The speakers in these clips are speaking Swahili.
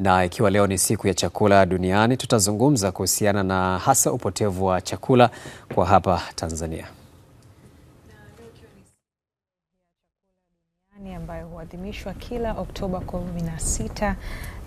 Na ikiwa leo ni siku ya chakula duniani, tutazungumza kuhusiana na hasa upotevu wa chakula kwa hapa Tanzania ambayo huadhimishwa kila Oktoba 16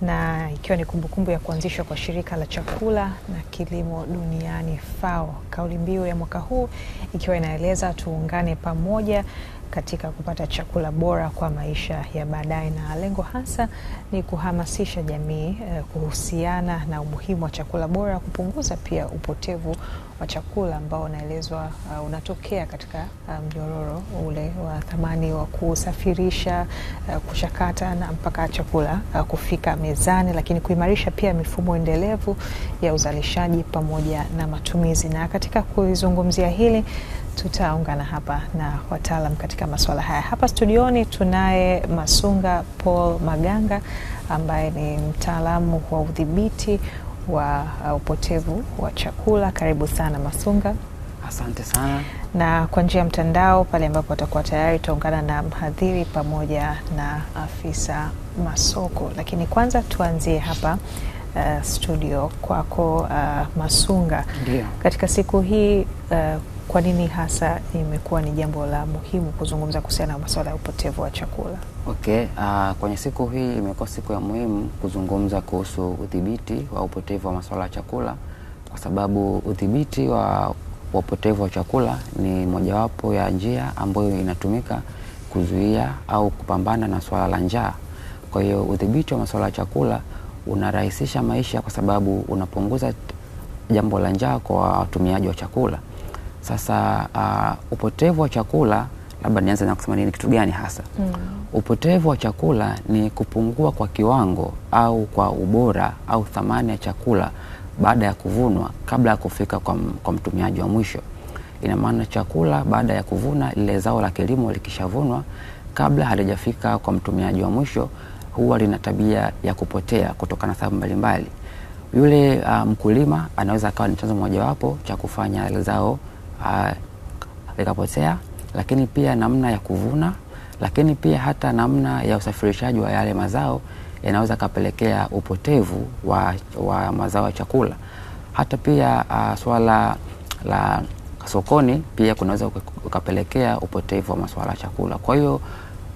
na ikiwa ni kumbukumbu ya kuanzishwa kwa shirika la chakula na kilimo duniani FAO, kauli mbiu ya mwaka huu ikiwa inaeleza tuungane pamoja katika kupata chakula bora kwa maisha ya baadaye, na lengo hasa ni kuhamasisha jamii eh, kuhusiana na umuhimu wa chakula bora, kupunguza pia upotevu wa chakula ambao unaelezwa uh, unatokea katika uh, mnyororo um, ule wa thamani wa kusafirisha uh, kuchakata na mpaka chakula uh, kufika mezani, lakini kuimarisha pia mifumo endelevu ya uzalishaji pamoja na matumizi. Na katika kuizungumzia hili tutaungana hapa na wataalam katika masuala haya. Hapa studioni tunaye Masunga Paul Maganga ambaye ni mtaalamu wa udhibiti wa uh, upotevu wa chakula. Karibu sana Masunga. Asante sana. Na kwa njia ya mtandao pale ambapo watakuwa tayari tutaungana na mhadhiri pamoja na afisa masoko, lakini kwanza tuanzie hapa uh, studio kwako uh, Masunga. Ndiyo. Katika siku hii uh, kwa nini hasa imekuwa ni jambo la muhimu kuzungumza kuhusiana na masuala ya upotevu wa chakula? Okay, uh, kwenye siku hii imekuwa siku ya muhimu kuzungumza kuhusu udhibiti wa upotevu wa masuala ya chakula kwa sababu udhibiti wa upotevu wa chakula ni mojawapo ya njia ambayo inatumika kuzuia au kupambana na swala la njaa. Kwa hiyo udhibiti wa masuala ya chakula unarahisisha maisha kwa sababu unapunguza jambo la njaa kwa watumiaji wa chakula. Sasa uh, upotevu wa chakula labda nianze na kusema nini, kitu gani hasa mm. Upotevu wa chakula ni kupungua kwa kiwango au kwa ubora au thamani ya chakula baada ya kuvunwa kabla ya kufika kwa, kwa mtumiaji wa mwisho. Ina maana chakula baada ya kuvuna, lile zao la kilimo likishavunwa, kabla halijafika kwa mtumiaji wa mwisho, huwa lina tabia ya kupotea kutokana na sababu mbalimbali. Yule uh, mkulima anaweza akawa ni chanzo mojawapo cha kufanya zao likapotea, ah, lakini pia namna ya kuvuna, lakini pia hata namna ya usafirishaji wa yale mazao yanaweza kapelekea upotevu wa, wa mazao ya chakula. Hata pia uh, swala la sokoni pia kunaweza ukapelekea upotevu wa masuala ya chakula. Kwa hiyo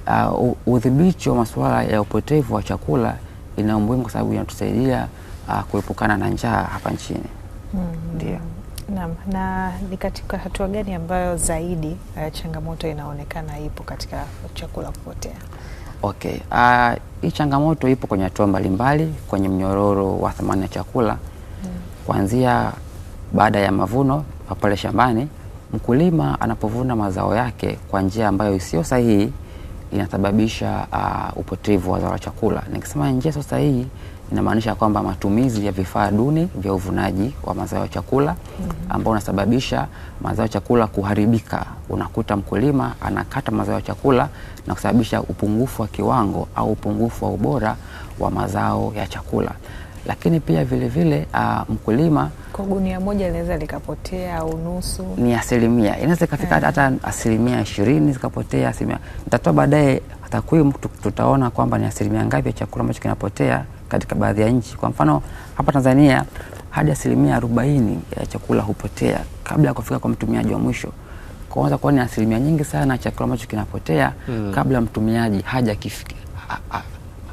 ah, uh, udhibiti wa masuala ya upotevu wa chakula ina umuhimu kwa sababu inatusaidia uh, kuepukana na njaa hapa nchini. Mm-hmm. Ndio. mm -hmm. Naam, na ni katika hatua gani ambayo zaidi uh, changamoto inaonekana ipo katika chakula kupotea? Okay, uh, hii changamoto ipo kwenye hatua mbalimbali kwenye mnyororo wa thamani ya chakula hmm. Kuanzia baada ya mavuno pale shambani, mkulima anapovuna mazao yake kwa njia ambayo isiyo sahihi inasababisha uh, upotevu wa zao la chakula. Nikisema njia sio sahihi inamaanisha kwamba matumizi ya vifaa duni vya uvunaji wa mazao ya chakula mhm. ambao unasababisha mazao ya chakula kuharibika. Unakuta mkulima anakata mazao ya chakula na kusababisha upungufu wa kiwango au upungufu wa ubora wa mazao ya chakula. Lakini pia vilevile uh, ah, mkulima kwa gunia moja linaweza likapotea au nusu, ni asilimia, inaweza ikafika eh. hata asilimia ishirini zikapotea. Asilimia nitatoa baadaye takwimu, tutaona kwamba ni asilimia ngapi ya chakula ambacho kinapotea katika baadhi ya nchi. Kwa mfano hapa Tanzania hadi asilimia arobaini ya chakula hupotea kabla ya kufika kwa mtumiaji wa mwisho. Kwanza kuwa ni asilimia nyingi sana ya chakula ambacho kinapotea mm. kabla mtumiaji hajakifika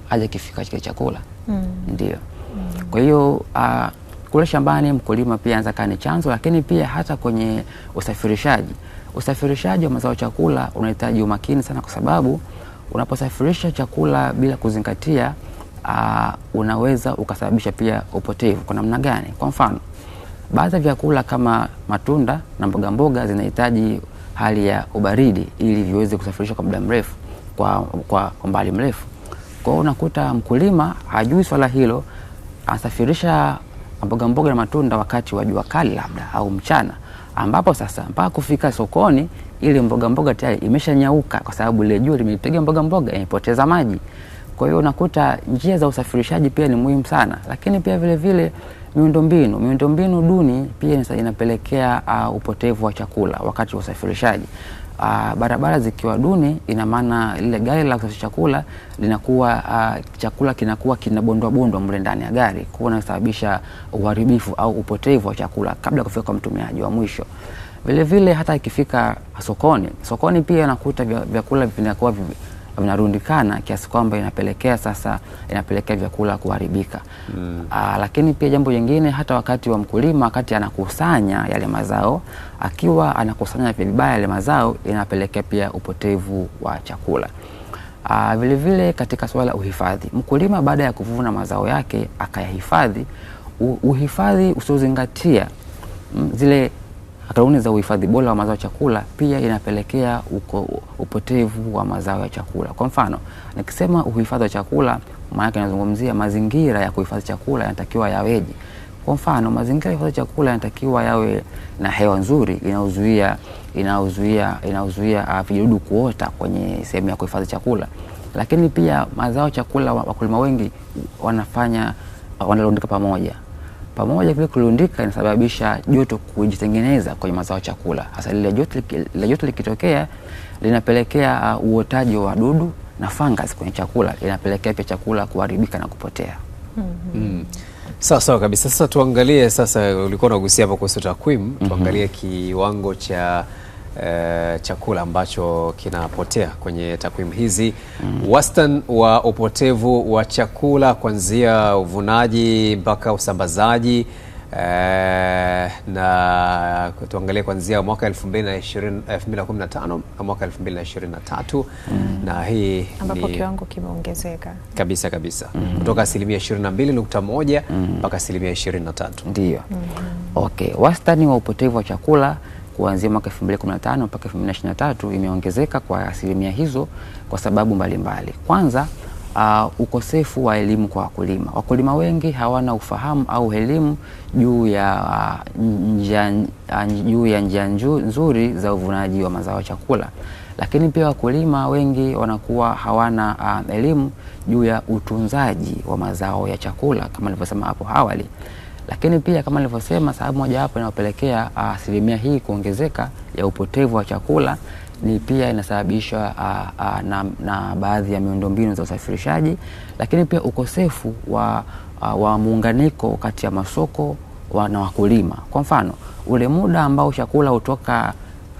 haja kifika kile chakula mm. ndio mm. kwa hiyo uh, kule shambani mkulima pia anaweza kaa ni chanzo, lakini pia hata kwenye usafirishaji. Usafirishaji wa mazao chakula unahitaji umakini sana, kwa sababu unaposafirisha chakula bila kuzingatia uh, unaweza ukasababisha pia upotevu. Kwa namna gani? Kwa mfano, baadhi ya vyakula kama matunda na mboga mboga zinahitaji hali ya ubaridi ili viweze kusafirishwa kwa muda mrefu, kwa, kwa umbali mrefu. Kwa hiyo unakuta mkulima hajui swala hilo, anasafirisha mboga mboga na matunda wakati wa jua kali labda au mchana, ambapo sasa mpaka kufika sokoni ile mboga mboga tayari imeshanyauka, kwa sababu ile jua limeipiga mboga mboga, imepoteza maji. Kwa hiyo unakuta njia za usafirishaji pia ni muhimu sana, lakini pia vile vile miundombinu miundombinu duni pia inapelekea uh, upotevu wa chakula wakati wa usafirishaji. Uh, barabara zikiwa duni, ina maana lile gari la kusafirisha chakula linakuwa uh, chakula kinakuwa kinabondwabondwa mle ndani ya gari, kuwa unasababisha uharibifu au upotevu wa chakula kabla ya kufika kwa mtumiaji wa mwisho. Vile vile hata ikifika sokoni, sokoni pia nakuta vyakula vinakuwa vinarundikana kiasi kwamba inapelekea sasa inapelekea vyakula kuharibika. Mm. Aa, ah, lakini pia jambo jingine, hata wakati wa mkulima, wakati anakusanya yale mazao, akiwa anakusanya vibaya yale mazao, inapelekea pia upotevu wa chakula. Aa, ah, vile vile katika suala uhifadhi, mkulima baada ya kuvuna mazao yake akayahifadhi, uhifadhi usiozingatia mm, zile Kanuni za uhifadhi bora wa mazao ya chakula pia inapelekea uko, upotevu wa mazao ya chakula. Kwa mfano, nikisema uhifadhi wa chakula, yake nazungumzia mazingira ya kuhifadhi chakula yanatakiwa yaweje. Kwa mfano, mazingira ya kuhifadhi chakula yanatakiwa yawe na hewa nzuri inayozuia inayozuia inayozuia ah, vijidudu kuota kwenye sehemu ya kuhifadhi chakula, lakini pia mazao ya chakula wakulima wengi wanafanya wanalundika pamoja pamoja vile kulundika inasababisha joto kujitengeneza kwenye mazao chakula, hasa lile joto lile joto likitokea linapelekea uh, uotaji wa wadudu na fungus kwenye chakula, inapelekea pia chakula kuharibika na kupotea. mm -hmm. mm. Sawa sawa kabisa. Sasa tuangalie sasa, ulikuwa unagusia hapo kuhusu takwimu, mm-hmm. tuangalie mm -hmm. kiwango cha Eh, chakula ambacho kinapotea kwenye takwimu hizi mm. Wastan wa upotevu wa chakula kuanzia uvunaji mpaka usambazaji eh, na tuangalie kuanzia mwaka 2020, 2015 na mwaka 2023 mm. na hii ambapo kiwango kimeongezeka kabisa kabisa mm. kutoka asilimia 22.1 mm. mpaka mm. asilimia 23. Ndio. mm. Okay, wastani wa upotevu wa chakula kuanzia mwaka 2015 mpaka 2023 imeongezeka kwa asilimia hizo kwa sababu mbalimbali mbali. Kwanza uh, ukosefu wa elimu kwa wakulima. Wakulima wengi hawana ufahamu au elimu juu ya uh, njia, uh, juu ya njia nzuri za uvunaji wa mazao ya chakula, lakini pia wakulima wengi wanakuwa hawana uh, elimu juu ya utunzaji wa mazao ya chakula kama nilivyosema hapo awali. Lakini pia kama nilivyosema, sababu mojawapo inayopelekea ah, asilimia hii kuongezeka ya upotevu wa chakula ni pia inasababishwa ah, ah, na, na baadhi ya miundombinu za usafirishaji, lakini pia ukosefu wa, a, wa muunganiko kati ya masoko wa, na wakulima. Kwa mfano ule muda ambao chakula hutoka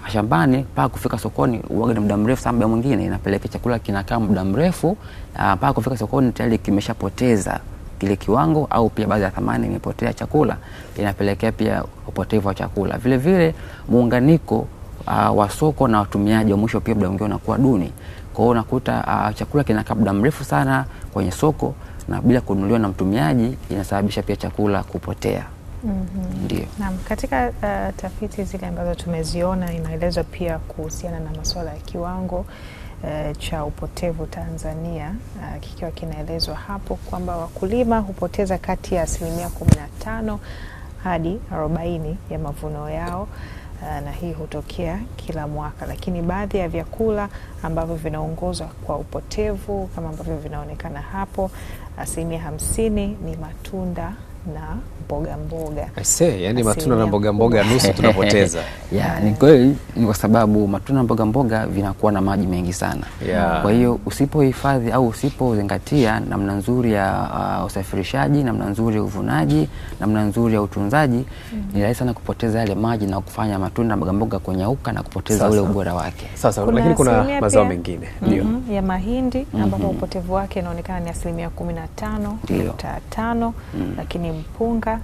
shambani mpaka kufika sokoni huaga ni muda mrefu sana, muda mwingine inapelekea chakula kinakaa muda mrefu mpaka kufika sokoni tayari kimeshapoteza kile kiwango au pia baadhi ya thamani imepotea chakula, inapelekea pia upotevu wa chakula. Vile vile muunganiko uh, wa soko na watumiaji wa mwisho pia muda mwingine unakuwa duni. Kwa hiyo unakuta uh, chakula kinakaa muda mrefu sana kwenye soko na bila kununuliwa na mtumiaji, inasababisha pia chakula kupotea. Mm -hmm. Ndio. Naam, katika uh, tafiti zile ambazo tumeziona inaelezwa pia kuhusiana na masuala ya kiwango Eh, cha upotevu Tanzania eh, kikiwa kinaelezwa hapo kwamba wakulima hupoteza kati ya asilimia 15 hadi 40 ya mavuno yao eh, na hii hutokea kila mwaka, lakini baadhi ya vyakula ambavyo vinaongozwa kwa upotevu kama ambavyo vinaonekana hapo, asilimia 50 ni matunda na mboga mboga. I say, yani matunda na mboga mboga nusu tunapoteza. Yeah, ni kweli, ni kwa sababu matunda na mboga mboga vinakuwa na maji mengi sana. Yeah. Kwa hiyo usipohifadhi au usipozingatia namna nzuri ya uh, usafirishaji, namna nzuri ya uvunaji, namna nzuri ya utunzaji, mm -hmm. ni rahisi sana kupoteza yale maji na kufanya matunda na mboga mboga kunyauka na kupoteza sasa, ule ubora wake. Sasa lakini kuna mazao mengine mhm, ndio mm -hmm. ya mahindi mm -hmm. ambapo upotevu wake inaonekana ni asilimia 15.5 mm -hmm. lakini mpunga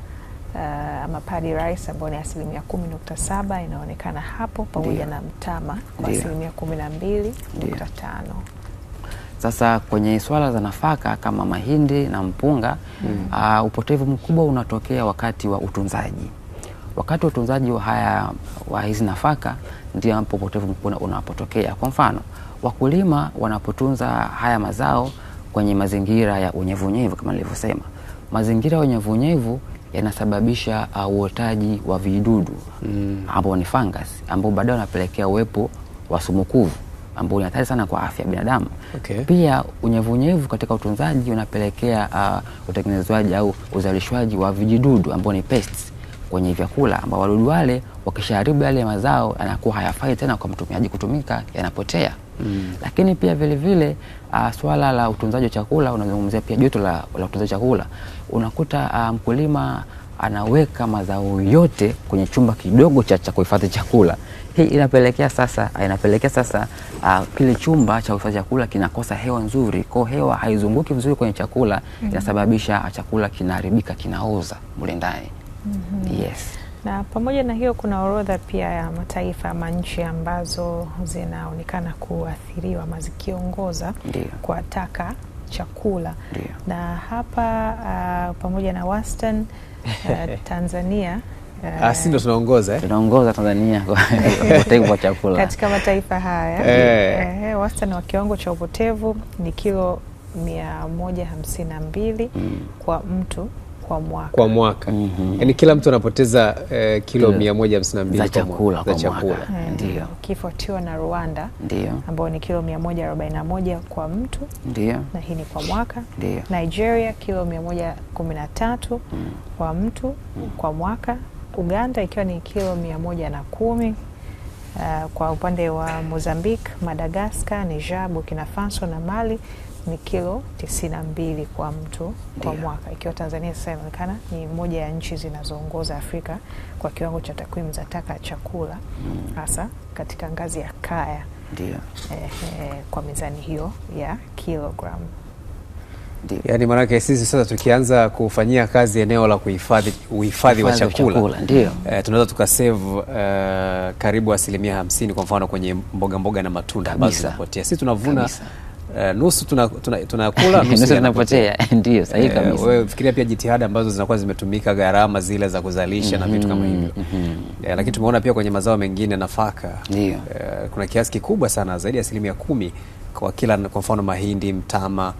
uh, ama padi rice ambayo ni asilimia kumi nukta saba inaonekana hapo pamoja na mtama kwa asilimia kumi na mbili nukta tano. Sasa kwenye swala za nafaka kama mahindi na mpunga mm. Uh, upotevu mkubwa unatokea wakati wa utunzaji. Wakati wa utunzaji wa haya wa hizi nafaka ndio ambapo upotevu mkubwa unapotokea. Kwa mfano, wakulima wanapotunza haya mazao kwenye mazingira ya unyevunyevu, kama nilivyosema, mazingira ya unyevunyevu yanasababisha uh, uotaji uh, wa vijidudu mm. ambao ni fungus ambao baadaye wanapelekea uwepo wa sumukuvu ambao ni hatari sana kwa afya ya binadamu. Okay. Pia unyevunyevu katika utunzaji unapelekea uh, utengenezwaji au uzalishwaji wa vijidudu ambao ni pests kwenye vyakula ambao wadudu wale wakishaharibu yale mazao yanakuwa hayafai tena kwa mtumiaji kutumika, yanapotea mm. Lakini pia vilevile uh, ah, swala la utunzaji wa chakula unazungumzia pia joto la, la utunzaji wa chakula unakuta ah, mkulima anaweka mazao yote kwenye chumba kidogo cha, cha kuhifadhi chakula. Hii inapelekea sasa ah, inapelekea sasa uh, kile chumba cha kuhifadhi chakula kinakosa hewa nzuri, kwa hewa haizunguki vizuri kwenye chakula mm -hmm. Inasababisha chakula kinaharibika, kinaoza mule ndani mm -hmm. Yes na pamoja na hiyo kuna orodha pia ya mataifa ama nchi ambazo zinaonekana kuathiriwa ama zikiongoza kwa taka chakula. Ndiyo. Na hapa uh, pamoja na wastani uh, Tanzania ah, si ndo tunaongoza eh? Tunaongoza Tanzania wa chakula katika mataifa haya eh. Eh, wastani wa kiwango cha upotevu ni kilo mia moja hamsini na mbili mm. kwa mtu kwa mwaka, kwa mwaka. Mm -hmm. Yani kila mtu anapoteza eh, kilo 152 za chakula kwa mwaka, eh, ndio na Rwanda ambayo ni kilo 141 kwa mtu ndio, na hii ni kwa mwaka. Ndiyo. Nigeria kilo 113 mm. kwa mtu mm. kwa mwaka. Uganda ikiwa ni kilo kumi Uh, kwa upande wa Mozambique, Madagascar, Niger, Burkina Faso na Mali ni kilo 92 mbili kwa mtu kwa yeah, mwaka ikiwa Tanzania sasa inaonekana ni moja ya nchi zinazoongoza Afrika kwa kiwango cha takwimu za taka ya chakula mm. hasa mm, katika ngazi ya kaya eh, eh, kwa mizani hiyo ya kilogramu. yani maanake sisi sasa tukianza kufanyia kazi eneo la kuhifadhi uhifadhi wa chakula, chakula. E, tunaweza tukasave uh, eh, karibu asilimia hamsini kwa mfano kwenye mboga mboga na matunda ambazo sisi tunavuna Kamisa. Eh, nusu tunakula tuna, tunapotea. Ndio sahihi eh, kabisa. Wewe fikiria pia jitihada ambazo zinakuwa zimetumika, gharama zile za kuzalisha mm -hmm, na vitu kama hivyo mm -hmm. lakini tumeona pia kwenye mazao mengine nafaka Uh, kuna kiasi kikubwa sana zaidi ya asilimia kumi kwa kila, kwa mfano mahindi, mtama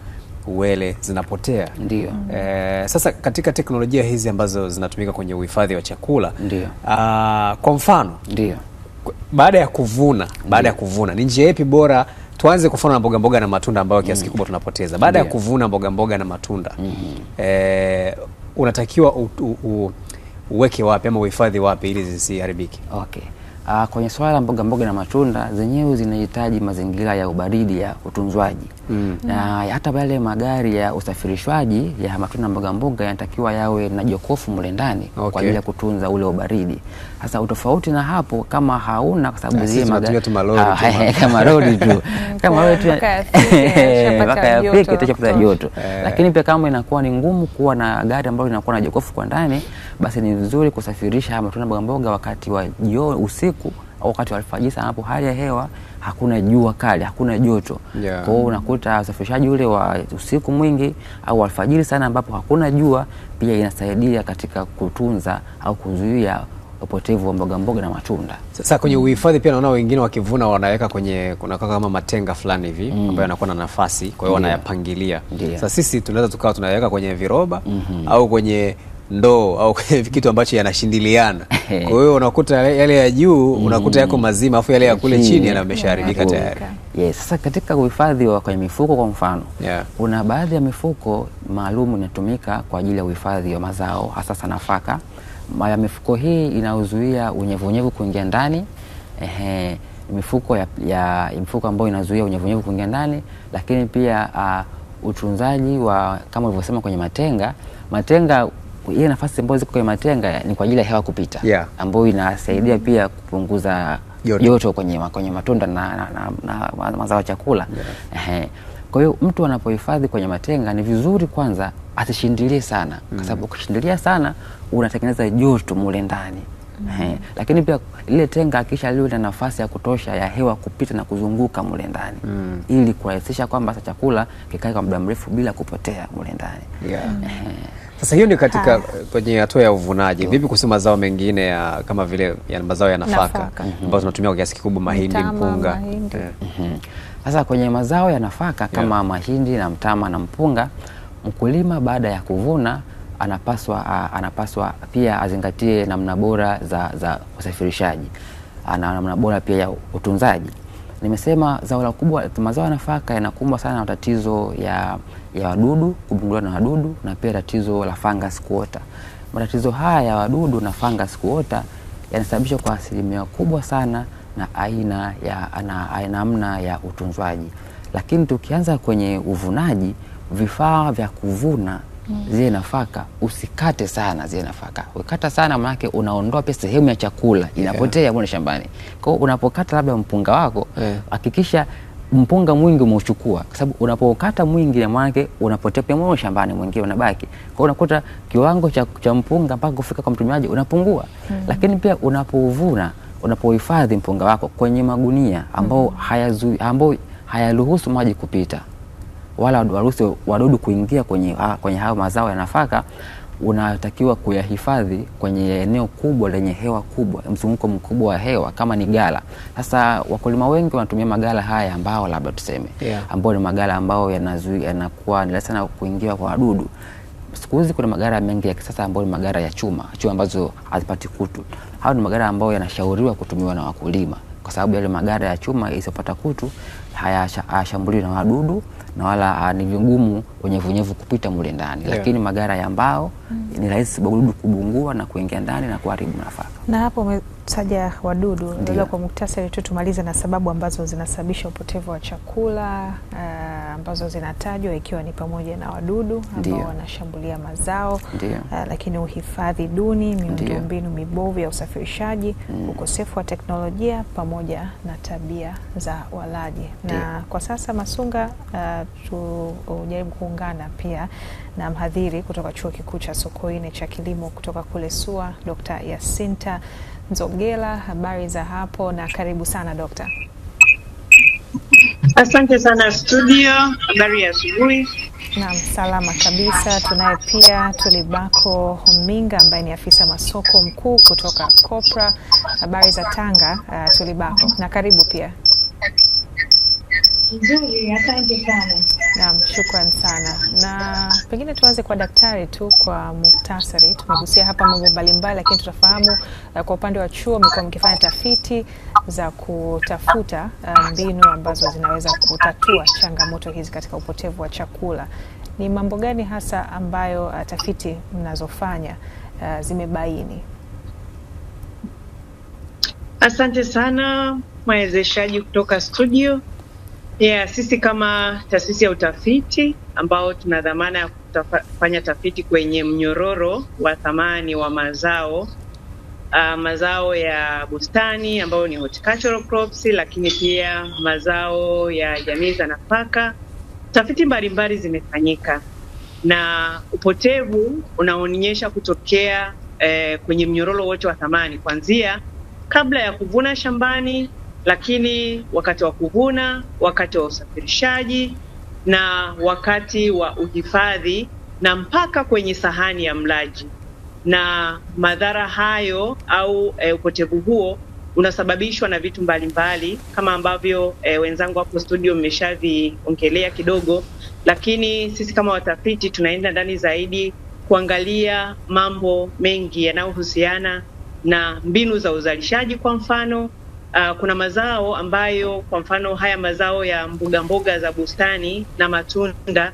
uwele zinapotea. Ndio. E, sasa katika teknolojia hizi ambazo zinatumika kwenye uhifadhi wa chakula ndio. Aa, ah, kwa mfano ndio. Baada ya kuvuna, baada ya kuvuna ni njia ipi bora tuanze kuvuna mboga mboga na matunda ambayo kiasi mm. kikubwa tunapoteza baada ya kuvuna mboga mboga na matunda mm-hmm. eh, unatakiwa uweke wapi ama uhifadhi wapi ili zisiharibike? Okay. Uh, kwenye swala la mboga mboga na matunda zenyewe zinahitaji mazingira ya ubaridi ya utunzwaji Mm. na hata yale magari ya usafirishwaji ya matunda mboga mboga yanatakiwa yawe na jokofu mle ndani okay. kwa ajili ya kutunza ule ubaridi. Sasa utofauti na hapo, kama hauna, kwa sababu zile magari kama rodi ah, tu kama wewe tu mpaka yafike itachapata joto, eh. lakini pia kama inakuwa ni ngumu kuwa na gari ambalo linakuwa na jokofu kwa ndani, basi ni vizuri kusafirisha haya matunda mboga mboga wakati wa jioni, usiku wakati wa alfajiri sana, hapo hali ya hewa hakuna jua kali, hakuna joto yeah. Kwa hiyo unakuta usafirishaji ule wa usiku mwingi au alfajiri sana ambapo hakuna jua pia inasaidia katika kutunza au kuzuia upotevu wa mboga mboga na matunda. Sasa kwenye uhifadhi pia naona wengine wakivuna wanaweka kwenye kuna kama matenga fulani hivi mm. ambayo yanakuwa na nafasi, kwa hiyo wanayapangilia. Sasa sisi tunaweza tukawa tunaweka kwenye viroba mm -hmm. au kwenye ndoo au kitu ambacho yanashindiliana. Kwa hiyo unakuta yale ya juu unakuta yako mm. mazima, afu yale ya kule chini yameshaharibika tayari. Yes, sasa katika uhifadhi wa kwenye mifuko kwa mfano yeah. Kuna baadhi ya mifuko maalum inatumika kwa ajili ya uhifadhi wa mazao hasa sana nafaka. Mifuko hii inazuia unyevunyevu kuingia ndani ehe, mifuko ya, ya mifuko ambayo inazuia unyevunyevu kuingia ndani, lakini pia uh, utunzaji wa kama ulivyosema kwenye matenga matenga ile nafasi ambayo ziko kwenye matenga ni kwa ajili ya hewa kupita yeah, ambayo inasaidia mm. pia kupunguza joto kwenye, kwenye matunda na, na, na, na mazao ya chakula yeah. Kwa hiyo mtu anapohifadhi kwenye matenga ni vizuri kwanza asishindilie sana mm, kwa sababu ukishindilia sana unatengeneza joto mule ndani mm, lakini pia ile tenga akisha liwe na nafasi ya kutosha ya hewa kupita na kuzunguka mule ndani mm, ili kurahisisha kwamba chakula kikae kwa muda mrefu bila kupotea mule ndani yeah. Sasa hiyo ni katika kwenye hatua ya uvunaji. Vipi kuhusu mazao mengine ya kama vile ya mazao ya nafaka ambayo mm -hmm. tunatumia kwa kiasi kikubwa mahindi, mpunga eh. mhm. sasa yeah. kwenye mazao ya nafaka kama yeah. mahindi na mtama na mpunga, mkulima baada ya kuvuna anapaswa, anapaswa pia azingatie namna bora za, za usafirishaji na namna bora pia ya utunzaji. Nimesema zao la kubwa, mazao ya nafaka yanakumbwa sana na tatizo ya, ya wadudu kupunguliwa na wadudu na pia tatizo la fungus kuota. Matatizo haya ya wadudu na fungus kuota yanasababishwa kwa asilimia kubwa sana na aina ya na namna ya utunzwaji, lakini tukianza kwenye uvunaji, vifaa vya kuvuna mm. zile nafaka usikate sana zile nafaka. Ukikata sana manake unaondoa pia sehemu ya chakula inapotea yeah. shambani. Kwa hiyo unapokata labda mpunga wako hakikisha yeah mpunga mwingi umeuchukua kwa sababu unapokata mwingi na maanake unapotea pia mwe shambani mwingine unabaki. Kwa hiyo unakuta kiwango cha, cha mpunga mpaka kufika kwa mtumiaji unapungua mm. Lakini pia unapovuna, unapohifadhi mpunga wako kwenye magunia ambao mm. hayaruhusu maji kupita wala waruhusu wadudu kuingia kwenye, ah, kwenye hayo mazao ya nafaka, unatakiwa kuyahifadhi kwenye eneo kubwa lenye hewa kubwa, mzunguko mkubwa wa hewa kama ni gala. Sasa wakulima wengi wanatumia magala haya ambao labda tuseme yeah, ambao ni magala ambao yanazuia yanakuwa ni sana kuingia kwa wadudu. Siku hizi kuna magara mengi ya kisasa ambayo ni magara ya chuma, chuma ambazo hazipati kutu. Hayo ni magara ambayo yanashauriwa kutumiwa na wakulima, kwa sababu yale magara ya chuma isiyopata kutu hayashambuliwi na wadudu na wala ah, ni vigumu unyevunyevu kupita mule ndani, lakini magara ya mbao mm. ni rahisi bagududu kubungua na kuingia ndani na kuharibu nafaka. Na hapo umetaja wadudu, labda kwa muktasari tu tumalize na sababu ambazo zinasababisha upotevu wa chakula uh, ambazo zinatajwa ikiwa ni pamoja na wadudu ambao wanashambulia mazao uh, lakini uhifadhi duni, miundombinu mibovu ya usafirishaji mm. ukosefu wa teknolojia pamoja na tabia za walaji. Na kwa sasa Masunga, uh, eh, tujaribu kuungana pia na mhadhiri kutoka Chuo Kikuu cha Sokoine cha kilimo kutoka kule SUA Dr. Yasinta Nzogela, habari za hapo na karibu sana dokta. Asante sana studio, habari ya asubuhi. Naam, salama kabisa. Tunaye pia Tulibako minga ambaye ni afisa masoko mkuu kutoka Kopra. Habari za Tanga, uh, Tulibako na karibu pia. Nzuri, asante sana. Naam, shukran sana. Na pengine tuanze kwa daktari tu kwa muktasari. Tumegusia hapa mambo mbalimbali, lakini tutafahamu eh, kwa upande wa chuo mmekuwa mkifanya tafiti za kutafuta eh, mbinu ambazo zinaweza kutatua changamoto hizi katika upotevu wa chakula. Ni mambo gani hasa ambayo eh, tafiti mnazofanya zimebaini? Asante sana mwezeshaji kutoka studio. Yeah, sisi kama taasisi ya utafiti ambao tuna dhamana ya kufanya tafiti kwenye mnyororo wa thamani wa mazao uh, mazao ya bustani ambayo ni horticultural crops, lakini pia mazao ya jamii za nafaka. Tafiti mbalimbali zimefanyika na upotevu unaonyesha kutokea eh, kwenye mnyororo wote wa thamani kuanzia kabla ya kuvuna shambani lakini wakati wa kuvuna, wakati wa usafirishaji na wakati wa uhifadhi na mpaka kwenye sahani ya mlaji. Na madhara hayo au e, upotevu huo unasababishwa na vitu mbalimbali mbali, kama ambavyo e, wenzangu hapo studio mmeshaviongelea kidogo, lakini sisi kama watafiti tunaenda ndani zaidi kuangalia mambo mengi yanayohusiana na mbinu za uzalishaji, kwa mfano Uh, kuna mazao ambayo kwa mfano haya mazao ya mboga mboga za bustani na matunda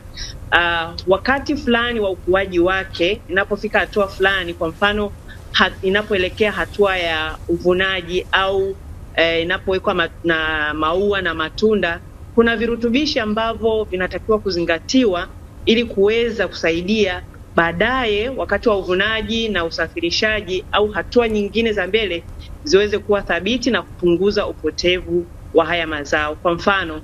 uh, wakati fulani wa ukuaji wake inapofika hatua fulani, kwa mfano hat, inapoelekea hatua ya uvunaji au eh, inapowekwa ma, na maua na matunda, kuna virutubishi ambavyo vinatakiwa kuzingatiwa ili kuweza kusaidia baadaye wakati wa uvunaji na usafirishaji au hatua nyingine za mbele ziweze kuwa thabiti na kupunguza upotevu wa haya mazao. Kwa mfano,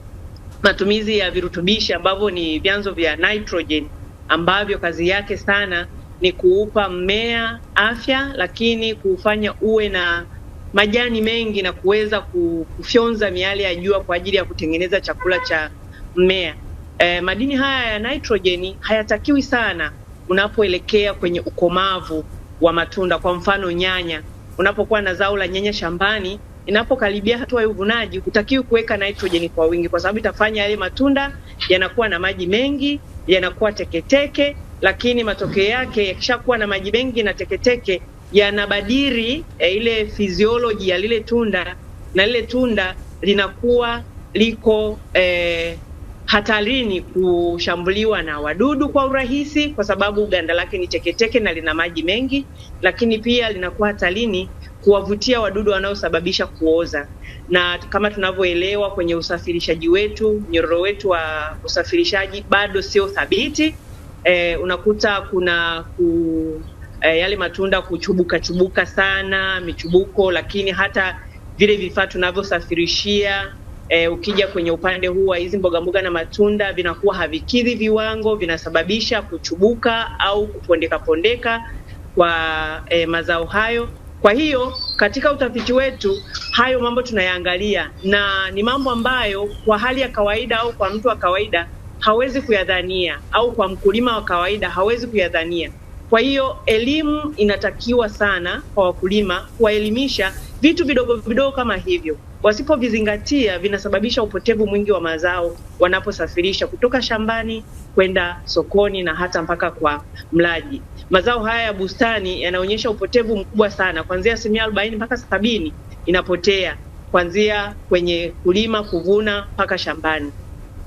matumizi ya virutubishi ambavyo ni vyanzo vya nitrogen ambavyo kazi yake sana ni kuupa mmea afya, lakini kuufanya uwe na majani mengi na kuweza kufyonza miale ya jua kwa ajili ya kutengeneza chakula cha mmea. E, madini haya ya nitrojeni hayatakiwi sana unapoelekea kwenye ukomavu wa matunda, kwa mfano nyanya unapokuwa na zao la nyanya shambani, inapokaribia hatua ya uvunaji, hutakiwi kuweka nitrogen kwa wingi, kwa sababu itafanya yale matunda yanakuwa na maji mengi, yanakuwa teketeke, lakini matokeo yake yakishakuwa na maji mengi na teketeke yanabadili ya eh, ile fizioloji ya lile tunda na lile tunda linakuwa liko eh, hatarini kushambuliwa na wadudu kwa urahisi, kwa sababu ganda lake ni teketeke na lina maji mengi, lakini pia linakuwa hatarini kuwavutia wadudu wanaosababisha kuoza. Na kama tunavyoelewa kwenye usafirishaji wetu, mnyororo wetu wa usafirishaji bado sio thabiti. E, unakuta kuna ku, e, yale matunda kuchubuka chubuka sana, michubuko, lakini hata vile vifaa tunavyosafirishia E, ukija kwenye upande huu wa hizi mboga mboga na matunda vinakuwa havikidhi viwango, vinasababisha kuchubuka au kupondeka pondeka kwa e, mazao hayo. Kwa hiyo katika utafiti wetu hayo mambo tunayaangalia, na ni mambo ambayo kwa hali ya kawaida au kwa mtu wa kawaida hawezi kuyadhania, au kwa mkulima wa kawaida hawezi kuyadhania. Kwa hiyo elimu inatakiwa sana kwa wakulima, kuwaelimisha vitu vidogo vidogo kama hivyo, wasipovizingatia vinasababisha upotevu mwingi wa mazao wanaposafirisha kutoka shambani kwenda sokoni na hata mpaka kwa mlaji. Mazao haya ya bustani yanaonyesha upotevu mkubwa sana, kuanzia asilimia arobaini mpaka sabini inapotea kuanzia kwenye kulima, kuvuna mpaka shambani.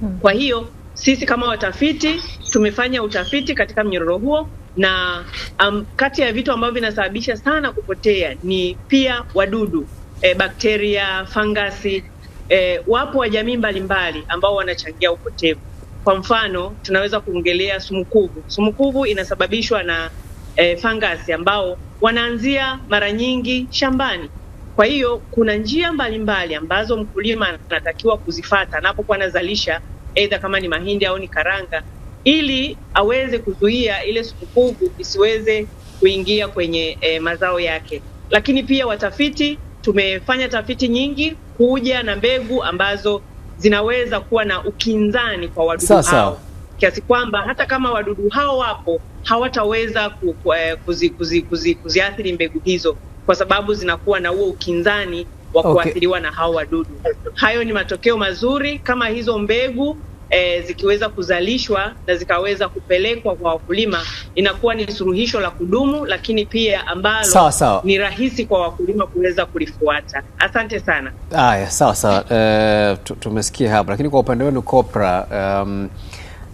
Hmm. Kwa hiyo sisi kama watafiti tumefanya utafiti katika mnyororo huo na um, kati ya vitu ambavyo vinasababisha sana kupotea ni pia wadudu e, bakteria, fangasi e, wapo wa jamii mbalimbali ambao wanachangia upotevu. Kwa mfano tunaweza kuongelea sumukuvu. Sumukuvu inasababishwa na e, fangasi ambao wanaanzia mara nyingi shambani. Kwa hiyo kuna njia mbalimbali mbali ambazo mkulima anatakiwa kuzifata anapokuwa anazalisha, eidha kama ni mahindi au ni karanga ili aweze kuzuia ile sukukuvu isiweze kuingia kwenye e, mazao yake. Lakini pia watafiti, tumefanya tafiti nyingi kuja na mbegu ambazo zinaweza kuwa na ukinzani kwa wadudu sao, hao kiasi kwamba hata kama wadudu hao wapo hawataweza kuziathiri kuzi, eh, kuzi, kuzi, kuzi, kuziathiri mbegu hizo kwa sababu zinakuwa na huo ukinzani wa kuathiriwa okay, na hao wadudu. Hayo ni matokeo mazuri kama hizo mbegu e, zikiweza kuzalishwa na zikaweza kupelekwa kwa wakulima inakuwa ni suluhisho la kudumu, lakini pia ambalo sawa, sawa. ni rahisi kwa wakulima kuweza kulifuata. Asante sana. Aya, sawa sawa, e, tumesikia hapo, lakini kwa upande wenu COPRA, um,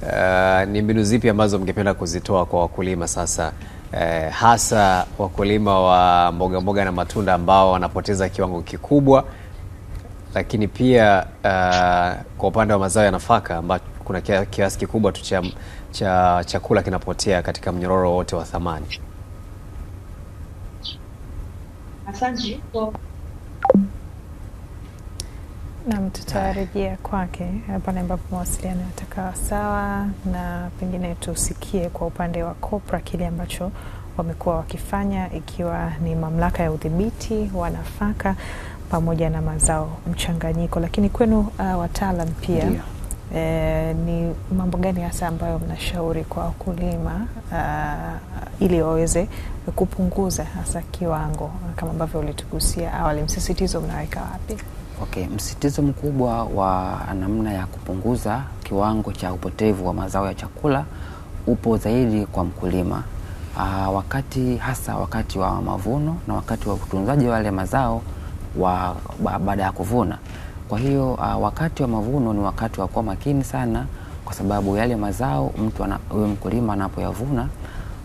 uh, eh, ni mbinu zipi ambazo mngependa kuzitoa kwa wakulima sasa Eh, hasa wakulima wa mboga mboga na matunda ambao wanapoteza kiwango kikubwa lakini pia uh, kwa upande wa mazao ya nafaka ambapo kuna kiasi kikubwa tu cha, cha chakula kinapotea katika mnyororo wote wa thamani. Asante. Naam, tutarejea kwake pale ambapo mawasiliano yatakaa sawa, na pengine tusikie kwa upande wa COPRA kile ambacho wamekuwa wakifanya, ikiwa ni mamlaka ya udhibiti wa nafaka pamoja na mazao mchanganyiko. Lakini kwenu uh, wataalam pia yeah. ni mambo gani hasa ambayo mnashauri kwa wakulima uh, ili waweze kupunguza hasa kiwango kama ambavyo ulitugusia awali, msisitizo mnaweka wapi? Okay, msisitizo mkubwa wa namna ya kupunguza kiwango cha upotevu wa mazao ya chakula upo zaidi kwa mkulima uh, wakati hasa wakati wa mavuno na wakati wa utunzaji wale mazao wa, baada ya kuvuna. Kwa hiyo uh, wakati wa mavuno ni wakati wa kuwa makini sana, kwa sababu yale mazao mtu huyo mkulima anapoyavuna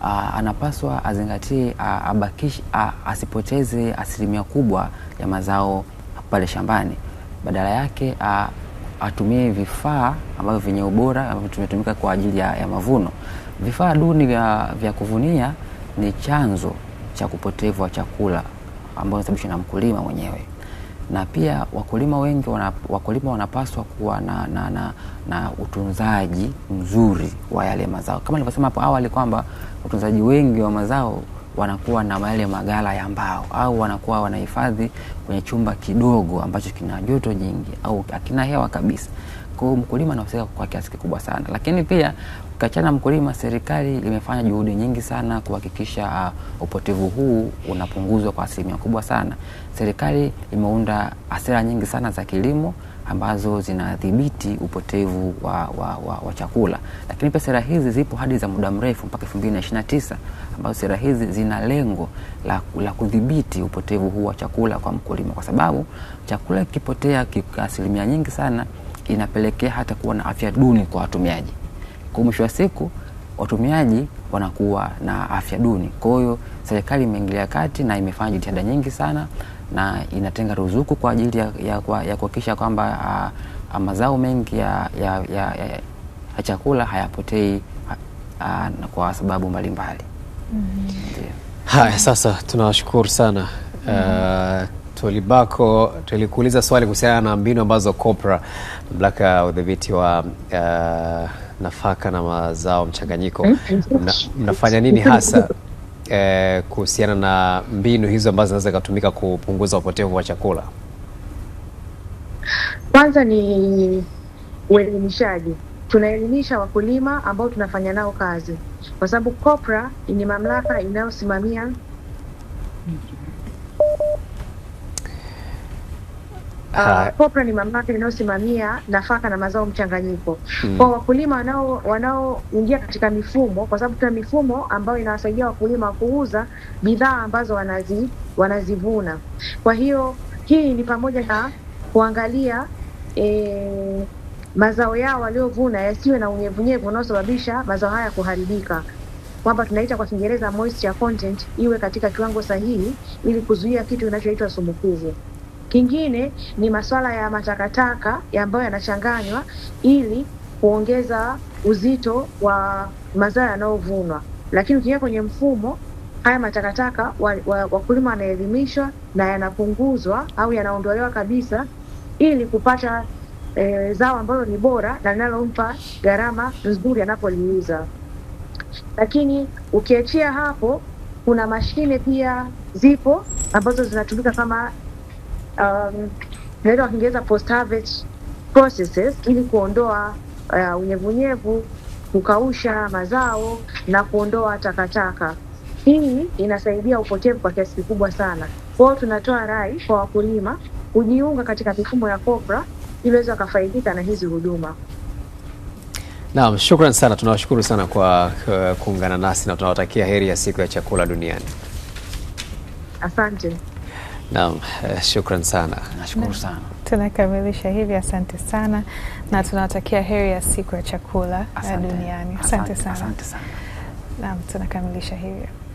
uh, anapaswa azingatie uh, ah, abakishi, uh, asipoteze asilimia kubwa ya mazao pale shambani, badala yake uh, atumie vifaa ambavyo vyenye ubora ambavyo tumetumika kwa ajili ya, ya mavuno. Vifaa duni vya, vya kuvunia ni chanzo cha kupotevu wa chakula ambayo inasababishwa na mkulima mwenyewe na pia wakulima wengi wana, wakulima wanapaswa kuwa na, na, na, na utunzaji mzuri wa yale mazao kama nilivyosema hapo awali kwamba utunzaji wengi wa mazao wanakuwa na yale magala ya mbao au wanakuwa wanahifadhi kwenye chumba kidogo ambacho kina joto jingi au akina hewa kabisa. Kwa hiyo mkulima anahusika kwa kiasi kikubwa sana, lakini pia kachana mkulima, serikali imefanya juhudi nyingi sana kuhakikisha uh, upotevu huu unapunguzwa kwa asilimia kubwa sana. Serikali imeunda asera nyingi sana za kilimo ambazo zinadhibiti upotevu wa, wa, wa, wa chakula, lakini pia sera hizi zipo hadi za muda mrefu mpaka tisa ambazo sera hizi zina lengo la, la kudhibiti upotevu huu wa chakula kwa mkulima, kwa sababu chakula kikipotea asilimia nyingi sana inapelekea hata kuwa na afya duni kwa watumiaji. Kwa mwisho wa siku watumiaji wanakuwa na afya duni. Kwa hiyo serikali imeingilia kati na imefanya jitihada nyingi sana na inatenga ruzuku kwa ajili ya, ya, ya kwamba mazao mengi ya, ya, ya, ya, ya chakula hayapotei uh, kwa sababu mbalimbali. mm -hmm. Haya, sasa tunawashukuru sana mm -hmm. uh, Tolibako, tulikuuliza swali kuhusiana na mbinu ambazo COPRA, mamlaka ya udhibiti wa uh, nafaka na mazao mchanganyiko, mnafanya nini hasa eh, kuhusiana na mbinu hizo ambazo zinaweza kutumika kupunguza upotevu wa chakula? Kwanza ni uelimishaji tunaelimisha wakulima ambao tunafanya nao kazi, kwa sababu COPRA ni mamlaka inayosimamia Uh, ah, kopra ni mamlaka inayosimamia nafaka na mazao mchanganyiko hmm. Kwa wakulima wanao wanaoingia katika mifumo, kwa sababu tuna mifumo ambayo inawasaidia wakulima kuuza bidhaa ambazo wanazi, wanazivuna. Kwa hiyo hii ni pamoja na kuangalia e, mazao yao waliovuna yasiwe na unyevunyevu unaosababisha mazao haya kuharibika kwamba tunaita kwa Kiingereza moisture content iwe katika kiwango sahihi ili kuzuia kitu kinachoitwa sumu Kingine ni masuala ya matakataka ya ambayo yanachanganywa ili kuongeza uzito wa mazao yanayovunwa, lakini ukiingia kwenye mfumo haya matakataka wakulima wa, wakulima wanaelimishwa na yanapunguzwa au yanaondolewa kabisa ili kupata e, zao ambalo ni bora na linalompa gharama nzuri anapoliuza. Lakini ukiachia hapo, kuna mashine pia zipo ambazo zinatumika kama um, kuongeza post harvest processes ili kuondoa uh, unyevunyevu, kukausha mazao na kuondoa takataka. Hii inasaidia upotevu kwa kiasi kikubwa sana. Kwa hiyo tunatoa rai kwa wakulima kujiunga katika mifumo ya kopra ili waweze wakafaidika na hizi huduma. Naam, shukran sana, tunawashukuru sana kwa uh, kuungana nasi na tunawatakia heri ya siku ya chakula duniani. Asante. Naam, eh, shukran sana. Nashukuru sana. Tunakamilisha hivi, asante sana na tunawatakia heri ya siku ya chakula duniani. Asante, asante, asante sana. Asante sana. Naam, tunakamilisha hivyo.